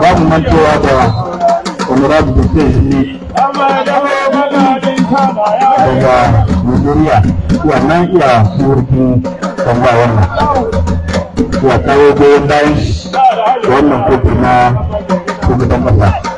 babu mancewa da honorable dutse ne daga nigeria wannan iya surfi an ba wannan ya kawo goyon bayan wannan kofi na kuma don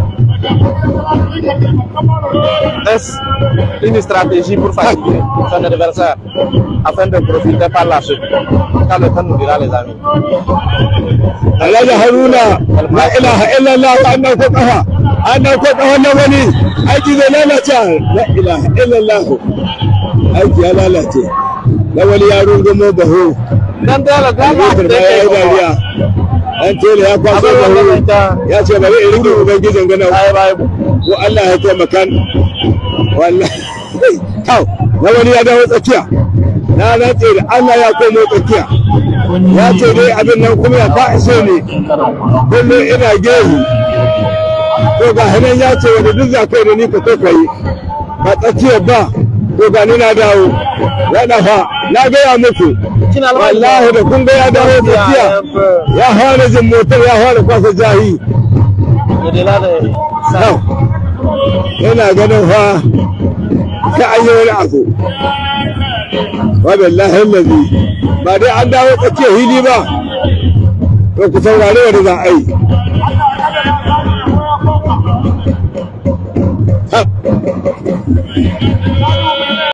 Est-ce une stratégie pour fatiguer son adversaire afin de profiter par la suite Quand le temps nous dira, les amis. Allah Haruna, la ilaha illallah wa anna fuqaha, anna fuqaha na wani aiki zai lalace la ilaha illallah aiki ya lalace lawali ya rungumo baho dan dala dala da ya dariya dan tele ya kwaso da ya ce bari in rike ubangijin gana ko Allah ya taimaka wallahi kau na wani ya dawo tsakiya na rantse da Allah ya komo tsakiya ya ce dai abin nan kuma ya fa so ne kullum ina gehu to ga hinan ya ce wanda duk za kai da ni ka kai kai ba tsakiya ba to ga ni na dawo ya dafa na gaya muku wallahi da kun ga ya dawo tafiya ya fara jin motar ya fara kwasa jahi yana ganin fa ka an yi wani abu wa lazi ba dai an dawo tsakiyar hili ba to ku saurare wani za a yi Ha!